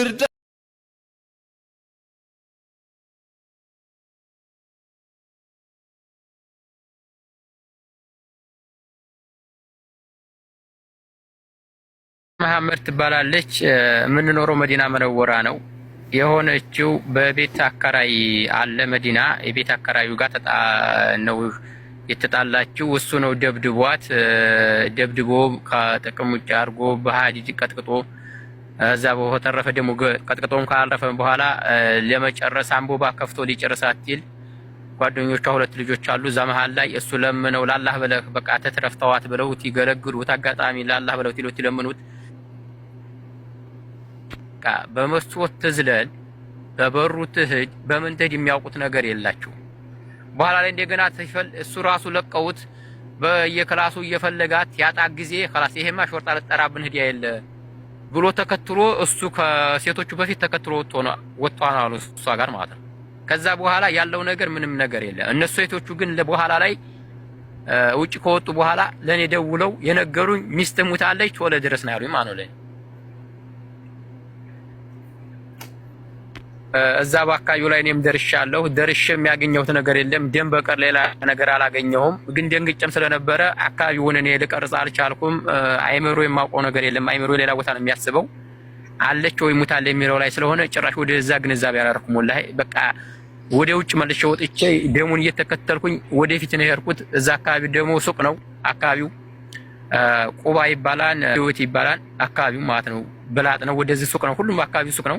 እርዳ መሐመድ ትባላለች። የምንኖረው መዲና መነወራ ነው። የሆነችው በቤት አከራይ አለ መዲና። የቤት አከራዩ ጋር ነው የተጣላችው። እሱ ነው ደብድቧት፣ ደብድቦ ከጥቅም ውጭ አድርጎ በሀዲድ ቀጥቅጦ እዛ በተረፈ ደግሞ ቀጥቅጦም ካላረፈ በኋላ ለመጨረስ አንቦባ ከፍቶ ሊጨርስ አትል ጓደኞቿ ሁለት ልጆች አሉ። እዛ መሀል ላይ እሱ ለምነው ላላህ ብለህ በቃ ተትረፍተዋት ብለውት ይገለግሉት አጋጣሚ ላላህ ብለውት ይሉት ይለምኑት በመስቶት ትዝለል በበሩ ትህድ በምን ትህድ የሚያውቁት ነገር የላቸው። በኋላ ላይ እንደገና እሱ ራሱ ለቀውት በየክላሱ እየፈለጋት ያጣ ጊዜ ኸላስ ይሄማ ሾርጣ ልጠራብን ህዲያ የለ ብሎ ተከትሎ እሱ ከሴቶቹ በፊት ተከትሎ ወጥቶ ነው ወጣ አሉ እሷ ጋር ማለት ነው። ከዛ በኋላ ያለው ነገር ምንም ነገር የለም። እነሱ ሴቶቹ ግን በኋላ ላይ ውጭ ከወጡ በኋላ ለኔ ደውለው የነገሩኝ ሚስት ሙታለች ቶሎ ድረስ ነው ያሉኝ ማለት ነው። እዛ በአካባቢው ላይ እኔም ደርሻለሁ። ደርሼ የሚያገኘሁት ነገር የለም። ደም በቀር ሌላ ነገር አላገኘሁም። ግን ደንግጬም ስለነበረ አካባቢውን እኔ ልቀርጽ አልቻልኩም። አይምሮ የማውቀው ነገር የለም። አይምሮ ሌላ ቦታ ነው የሚያስበው። አለች ወይ ሙታል የሚለው ላይ ስለሆነ ጭራሽ ወደዛ ግንዛቤ አላደረኩም። ወላሂ በቃ ወደ ውጭ መልሼ ወጥቼ ደሙን እየተከተልኩኝ ወደፊት ነው የሄድኩት። እዛ አካባቢ ደግሞ ሱቅ ነው አካባቢው ቁባ ይባላል፣ ህይወት ይባላል አካባቢው ማለት ነው። ብላጥ ነው፣ ወደዚህ ሱቅ ነው። ሁሉም አካባቢው ሱቅ ነው።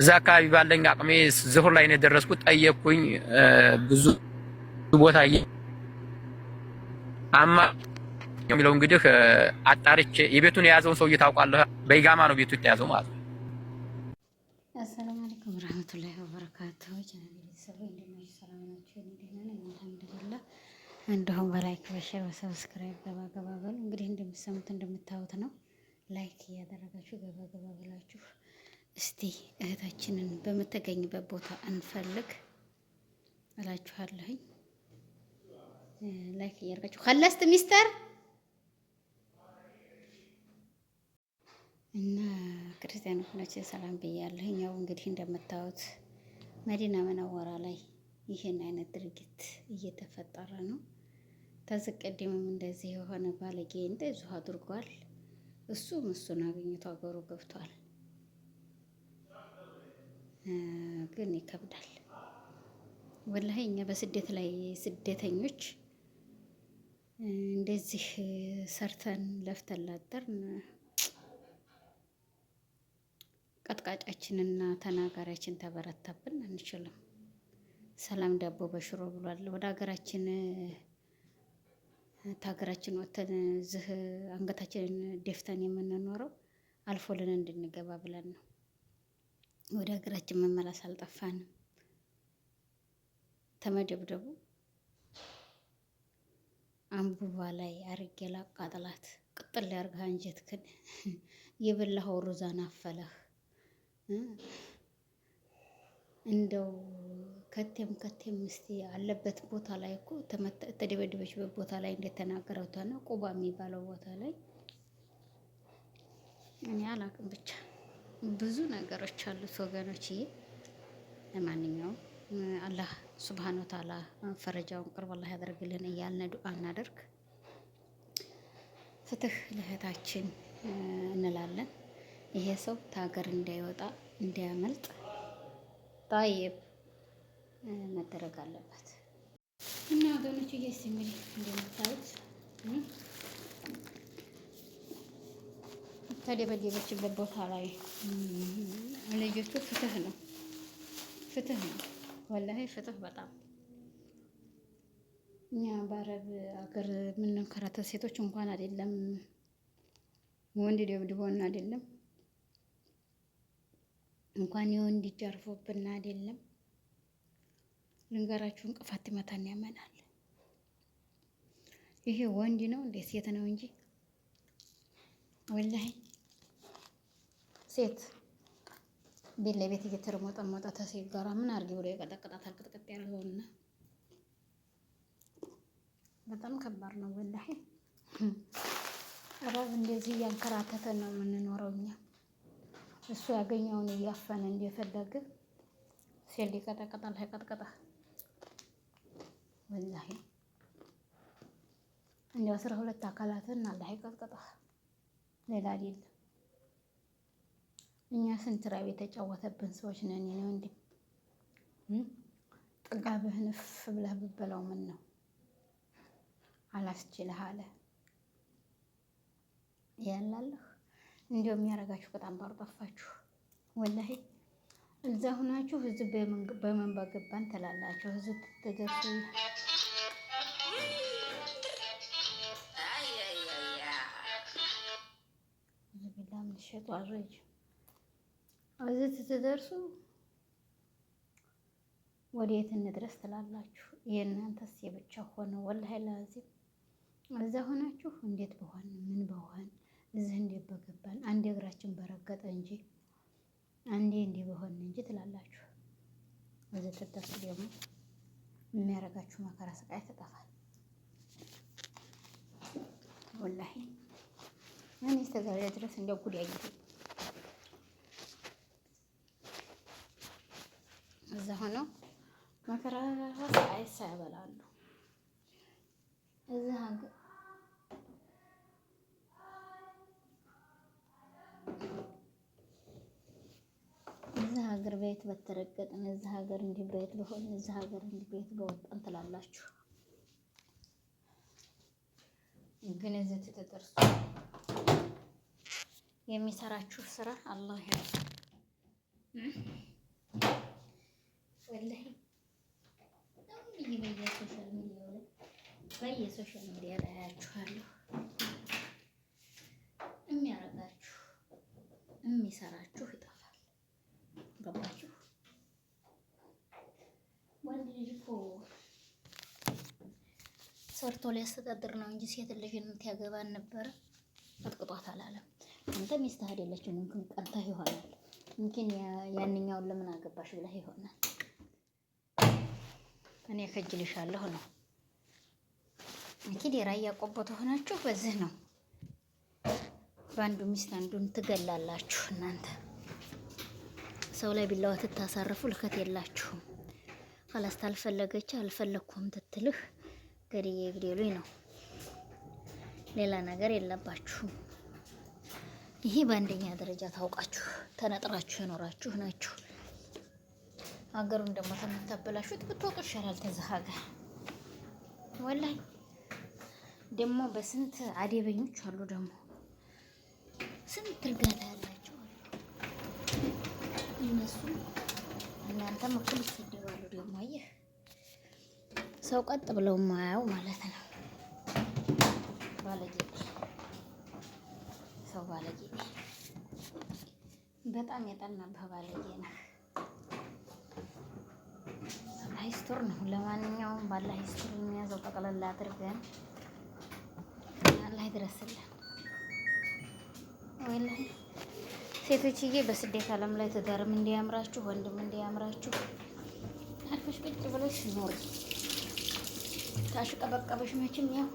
እዛ አካባቢ ባለኝ አቅሜ ዝሁር ላይ ነው የደረስኩት። ጠየቅኩኝ። ብዙ ቦታ አማ የሚለው እንግዲህ አጣርቼ የቤቱን የያዘውን ሰውዬ ታውቃለህ። በይጋማ ነው ቤቱ የተያዘው ማለት ነው። አሰላሙ አለይኩም ወራህመቱላሂ ወበረካቱሁ። እንዲሁም በላይክ በሸር በሰብስክራይብ ገባ ገባ በሉ። እንግዲህ እንደምትሰሙት እንደምታዩት ነው። ላይክ እያደረጋችሁ ገባ ገባ ብላችሁ እስቲ እህታችንን በምትገኝበት ቦታ እንፈልግ እላችኋለሁኝ። ላይክ እያደረጋችሁ ከለስት ሚስተር እና ክርስቲያን ሆናችሁ ሰላም ብያለሁኝ። ያው እንግዲህ እንደምታዩት መዲና መነወራ ላይ ይህን አይነት ድርጊት እየተፈጠረ ነው። ተዝቅ ቅድምም እንደዚህ የሆነ ባለጌ እንደዚሁ አድርጓል። እሱም እሱን አግኝቶ አገሩ ገብቷል። ግን ይከብዳል። ወላሂ እኛ በስደት ላይ ስደተኞች እንደዚህ ሰርተን ለፍተን ላጠርን ቀጥቃጫችንና ተናጋሪያችን ተበረታብን አንችልም። ሰላም ዳቦ በሽሮ ብሏል። ወደ ሀገራችን ከሀገራችን ወተን ዝህ አንገታችንን ደፍተን የምንኖረው አልፎልን እንድንገባ ብለን ነው። ወደ ሀገራችን መመለስ አልጠፋንም። ተመደብደቡ አንቡባ ላይ አርጌ ላቃጥላት ቅጥል ያርግህ አንጀትክን የበላኸው ሩዛን አፈለህ። እንደው ከቴም ከቴም ምስቲ አለበት ቦታ ላይ እኮ ተደበደበችበት ቦታ ላይ እንደተናገረው ተነ ቁባ የሚባለው ቦታ ላይ እኔ አላቅም ብቻ ብዙ ነገሮች አሉት ወገኖችዬ። ለማንኛውም አላህ ስብሓን ወተዓላ ፈረጃውን ቅርብ አላህ ያደርግልን እያልን ዱ እናደርግ። ፍትህ ለእህታችን እንላለን። ይሄ ሰው ተሀገር እንዳይወጣ እንዳያመልጥ ጣይብ መደረግ አለበት እና ወገኖች ይሄ እንግዲህ እንደምታዩት ተደበደበችበት ቦታ ላይ ልጅቱ ፍትህ ነው፣ ፍትህ ነው። ወላሂ ፍትህ በጣም እኛ በአረብ አገር የምንንከራተት ሴቶች እንኳን አይደለም ወንድ ደብድቦን አይደለም እንኳን የወንድ እጅ አይደለም ልንገራችሁ፣ እንቅፋት ይመታን ያመናል። ይሄ ወንድ ነው እንደ ሴት ነው እንጂ ወላሂ ሴት ቤት ለቤት እየተረሞጠሞጠ ተሴት ጋራ ምን አድርጊ ብሎ የቀጠቅጣታል። ቅጥቅጥ ያደርገውና በጣም ከባድ ነው ወላሂ። ረብ እንደዚህ እያንከራተተን ነው የምንኖረው እኛ። እሱ ያገኘውን እያፈነ እንደፈለገ ሴት ሊቀጠቅጣል አይቀጥቀጣ ወላሂ። እንዲያው አስራ ሁለት አካላትን አላህ ይቀጥቀጣ ሌላ አይደለም። እኛ ስንት ራብ የተጫወተብን ሰዎች ነን። እኔ እንዲ ጥጋብህን እፍ ብለህ ብበላው ምን ነው አላስችልህ አለ ያላለህ። እንዲያው የሚያረጋችሁ በጣም ባሩ ጠፋችሁ። ወላሂ እዛ ሁናችሁ ህዝብ በመንባ ገባን ትላላችሁ። ህዝብ ትገሱ ዝብላ ምን ሸጡ እዚህ ትደርሱ ወዴት እንድረስ ትላላችሁ? የእናንተስ የብቻ ሆነ ወላሂ ላዚም እዛ ሆናችሁ እንዴት በሆን ምን በሆን እዚህ እንዴት በገባን አንዴ እግራችን በረገጠ እንጂ አንዴ እንዲህ በሆን እንጂ ትላላችሁ። እዚህ ስትደርሱ ደግሞ የሚያደርጋችሁ መከራ ስቃይ ትጠፋል። ወላሂ እኔ እስከ ዛሬ ድረስ እንደ ጉድ ያየሁት እንደዛ ሆነው መከራ አይሳ ያበላሉ። እዚህ ሀገር እዚህ ሀገር በየት በተረገጥን፣ እዚህ ሀገር እንዲህ በየት በሆን፣ እዚህ ሀገር እንዲህ በየት በወጣን ትላላችሁ። ግን እዚህ ትተጠርሱ የሚሰራችሁ ስራ አላህ ያ ወላሂ በየሶሻል ሚዲያው ላይ በየሶሻል ሚዲያ ላይ አያችኋለሁ። የሚያረጋችሁ የሚሰራችሁ ይጠፋል። ገባችሁ? ወንድ ልጅ እኮ ሰርቶ ሊያስተዳድር ነው እንጂ ሴት ልጅነት ያገባን ነበረ። ቀጥቅጧት አላለም። አንተ ሚስትህ አይደለችም። ቀንተህ ይሆናል። ያንኛውን ለምን አገባሽ ብለህ ይሆናል እኔ ከጅልሻለሁ ነው። እንግዲህ የራያ ቆቦ ተሆናችሁ በዚህ ነው። በአንዱ ሚስት አንዱን ትገላላችሁ። እናንተ ሰው ላይ ቢላዋ ትታሳርፉ ልከት የላችሁም። ከላስታ አልፈለገች አልፈለግኩም ትትልህ ገድዬ ግዴሉኝ ነው። ሌላ ነገር የለባችሁም። ይሄ በአንደኛ ደረጃ ታውቃችሁ ተነጥራችሁ የኖራችሁ ናችሁ። ሀገሩን ደግሞ ተምታበላሹት ብትወጡ ይሻላል። ተዛ ሀገር ወላሂ ደግሞ በስንት አደበኞች አሉ። ደግሞ ስንት እርጋታ ያላቸው እነሱ እናንተ መኩል ይሰደባሉ። ደግሞ አየህ ሰው ቀጥ ብለው ማያው ማለት ነው። ባለጌ ሰው ባለጌ በጣም የጠና ባለጌ ነህ። ይስጥር ነው። ለማንኛውም ባላህ ይስጥር የሚያዘው ጠቅለል አድርገን አላህ ይድረስልን። ወላሂ ሴቶችዬ በስደት ዓለም ላይ ትዳርም እንዲያምራችሁ ወንድም እንዲያምራችሁ አርፈሽ ቁጭ ብለሽ ኖሪ። ታሽቀበቀበሽ መቼም ያው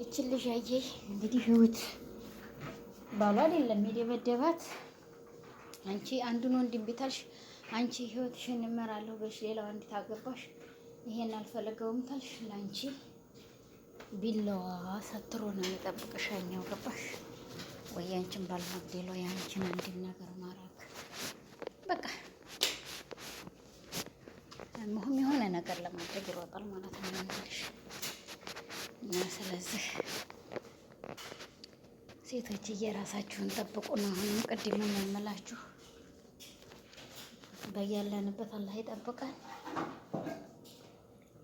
ይችን ልጅ አየህ እንግዲህ ህይወት ባሏል የለም የደበደባት አንቺ አንዱን ወንድም ቢታልሽ አንቺ ህይወትሽን እመራለሁ በሽ ሌላው እንዴት አገባሽ? ይሄን አልፈለገውም ታልሽ ለአንቺ ቢላዋ ሰትሮ ነው የጠብቅሽ። ያኛው ገባሽ ወይ? ያንቺን ሌላው ያንቺን አንድን ነገር ማራክ በቃ መሆን የሆነ ነገር ለማድረግ ይሮጣል ማለት ነው እንግዲህ እና ስለዚህ ሴቶች እየራሳችሁን ጠብቁ ነው አሁንም ቅድም የምላችሁ በያለንበት አላህ ይጠብቀን።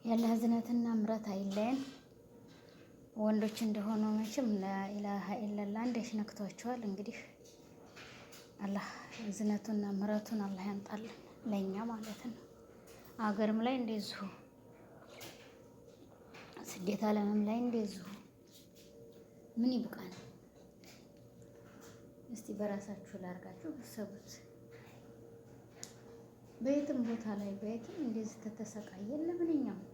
ያለ ህዝነትና ምረት አይለየን። ወንዶች እንደሆኑ መቼም ላኢላሀ ኢለላ እንዴት ነክቷቸዋል። እንግዲህ አላህ ህዝነቱና ምረቱን አላህ ያምጣልን ለእኛ ማለት ነው። አገርም ላይ እንደዚሁ ስደት አለምም ላይ እንደዚሁ ምን ይብቃን እስቲ በራሳችሁ ላርጋችሁ ሰቡት። በየትም ቦታ ላይ በየትም እንደዚህ ተተሰቃየን። ለምንኛውም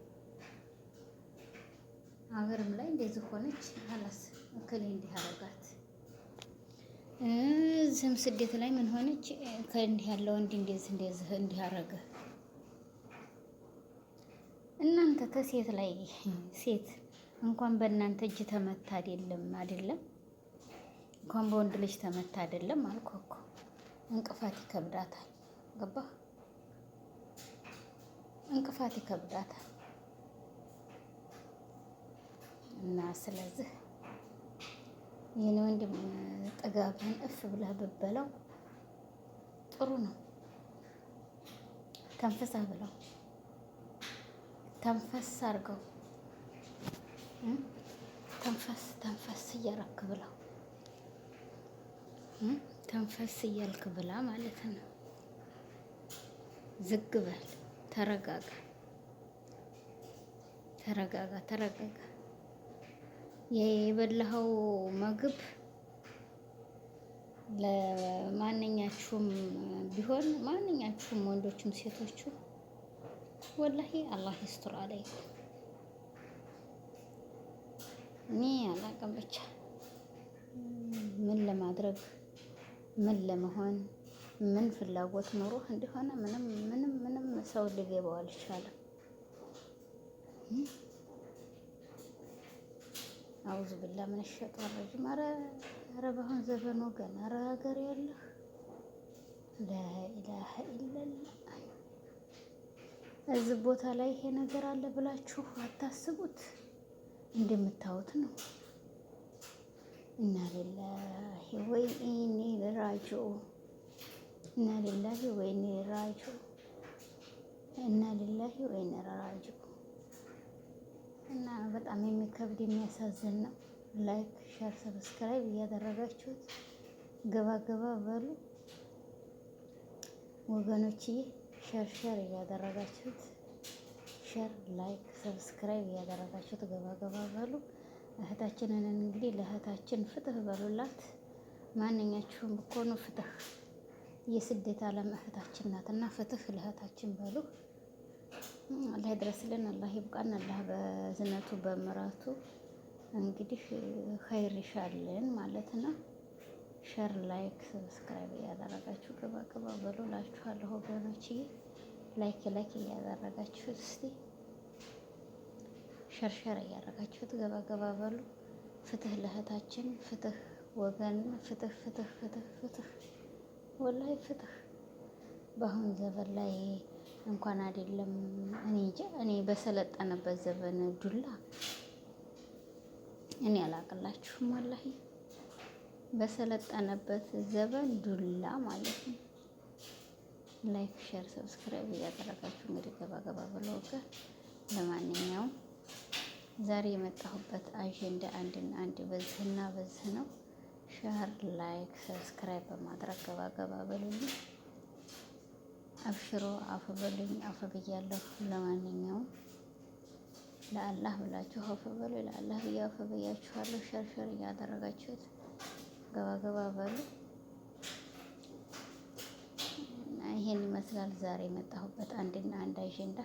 ሀገርም ላይ እንደዚህ ሆነች። ሀላስ እከሌ እንዲህ አደረጋት፣ እዚህም ስደት ላይ ምን ሆነች፣ ከእንዲህ ያለ ወንድ እንደዚህ እንደዚህ እንዲህ እናንተ ከሴት ላይ ሴት እንኳን በእናንተ እጅ ተመታ አይደለም አይደለም፣ እንኳን በወንድ ልጅ ተመታ አይደለም አልኮኮ እኮ እንቅፋት ይከብዳታል። ገባ እንቅፋት ይከብዳታል እና ስለዚህ ይህን ወንድም ጥጋብህን እፍ ብለህ ብበለው ጥሩ ነው። ተንፈሳ ብለው ተንፈስ አድርገው ተንፈስ ተንፈስ እያረክ ብለው ተንፈስ እያልክ ብላ ማለት ነው። ዝግ በል ተረጋጋ፣ ተረጋጋ፣ ተረጋጋ። የበላኸው ምግብ ለማንኛችሁም ቢሆን ማንኛችሁም ወንዶችም ሴቶቹ ወላሂ አላህ ይስጥር አለይኩም። እኔ አላቅም ብቻ ምን ለማድረግ ምን ለመሆን ምን ፍላጎት ኑሮ እንደሆነ ምንም ምንም ምንም ሰው ሊገባው አልቻለም። አውዝ ብላ ምን ሸጧ ረጅም ኧረ በአሁን ዘበን ወገን ኧረ ሀገር ያለህ ላኢላሀ ኢለላህ እዚህ ቦታ ላይ ይሄ ነገር አለ ብላችሁ አታስቡት። እንደምታዩት ነው። እና ሌላሂ ወይ ኢኒ ልራጅዑ እና ሊላሂ ወይኔ ራጁ እና ሊላሂ ወይኔ ራጁ እና በጣም የሚከብድ የሚያሳዝን ነው። ላይክ ሸር፣ ሰብስክራይብ እያደረጋችሁት ገባ ገባ በሉ ወገኖችዬ፣ ሸር ሸር እያደረጋችሁት ሸር፣ ላይክ፣ ሰብስክራይብ እያደረጋችሁት ገባ ገባ በሉ። እህታችንን እንግዲህ ለእህታችን ፍትህ በሉላት። ማንኛችሁም ብኮኑ ፍትህ የስደት ዓለም እህታችን ናት እና ፍትህ ለእህታችን በሉ። አላህ ይድረስልን፣ አላህ ይብቃን፣ አላህ በዝነቱ በምራቱ እንግዲህ ኸይር ይሻልን ማለት ነው። ሸር፣ ላይክ፣ ሰብስክራይብ እያደረጋችሁ ግባ ግባ በሉ ላችኋለሁ ወገኖች። ላይክ ላይክ እያደረጋችሁት እስቲ ሸርሸር እያደረጋችሁት ገባ ገባ በሉ። ፍትህ ለእህታችን፣ ፍትህ ወገን፣ ፍትህ ፍትህ ፍትህ ፍትህ ወላሂ ፍትህ በአሁን ዘመን ላይ እንኳን አይደለም እኔ እኔ በሰለጠነበት ዘመን ዱላ እኔ አላቅላችሁም። ወላሂ በሰለጠነበት ዘመን ዱላ ማለት ነው። ላይክ ሼር ሰብስክራይብ እያደረጋችሁ እንግዲህ ገባ ገባ ብለው ለማንኛውም ዛሬ የመጣሁበት አጀንዳ አንድና አንድ በዚህና በዚህ ነው። ሸር ላይክ ሰብስክራይብ በማድረግ ገባ ገባ በሉልኝ። አብሽሮ አፍ በሉኝ። አፍ ብያለሁ። ለማንኛውም ለአላህ ብላችሁ አፍ በሉ። ለአላህ ብዬ አፍ ብያችኋለሁ። ሸርሸር እያደረጋችሁት ገባ ገባ በሉ። ይሄን ይመስላል ዛሬ የመጣሁበት አንድና አንድ አጀንዳ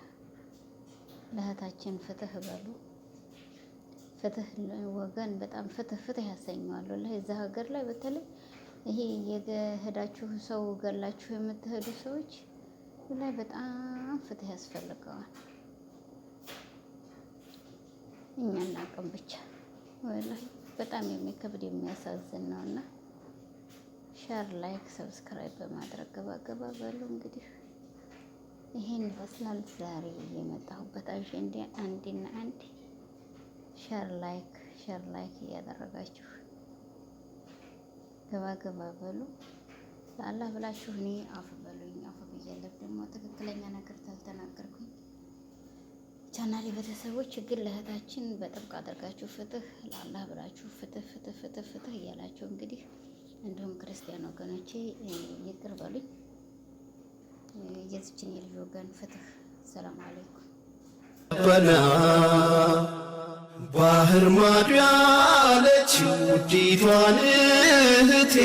ለእህታችን ፍትህ በሉ። ፍትህ ወገን በጣም ፍትህ ፍትህ ያሰኘዋል። ወላሂ እዛ ሀገር ላይ በተለይ ይሄ የሄዳችሁ ሰው ገላችሁ የምትሄዱ ሰዎች ላይ በጣም ፍትህ ያስፈልገዋል። እኛ እናቅም ብቻ ወላሂ በጣም የሚከብድ የሚያሳዝን ነው። እና ሸር ላይክ፣ ሰብስክራይብ በማድረግ ገባገባ በሉ። እንግዲህ ይሄን ይመስላል ዛሬ የመጣሁበት አጀንዳ አንድና አንድ ሸር ላይክ ሸር ላይክ እያደረጋችሁ ገባ ገባ በሉ። ለአላህ ብላችሁ እኔ አፍ በሉኝ። አፍ ብያለሁ ደግሞ ትክክለኛ ነገር ታልተናገርኩኝ ቻናሌ ቤተሰቦች ግን ለእህታችን በጥብቅ አድርጋችሁ ፍትህ ለአላህ ብላችሁ ፍትህ ፍትህ ፍትህ ፍትህ እያላችሁ እንግዲህ እንዲሁም ክርስቲያን ወገኖቼ ይቅር በሉኝ። የዚችን የልጅ ወገን ፍትህ። ሰላም አለይኩም ባህር ማዶ ያለችው ውዲቷን እህቴ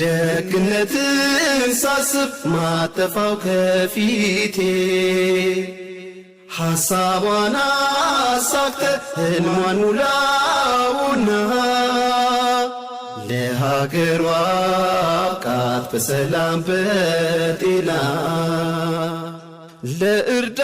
ደግነትን ሳስብ ማጠፋው ከፊቴ ሐሳቧን አሳክተ ሕልሟን ሙላውና ለሀገሯ አብቃት በሰላም በጤና ለእርዳ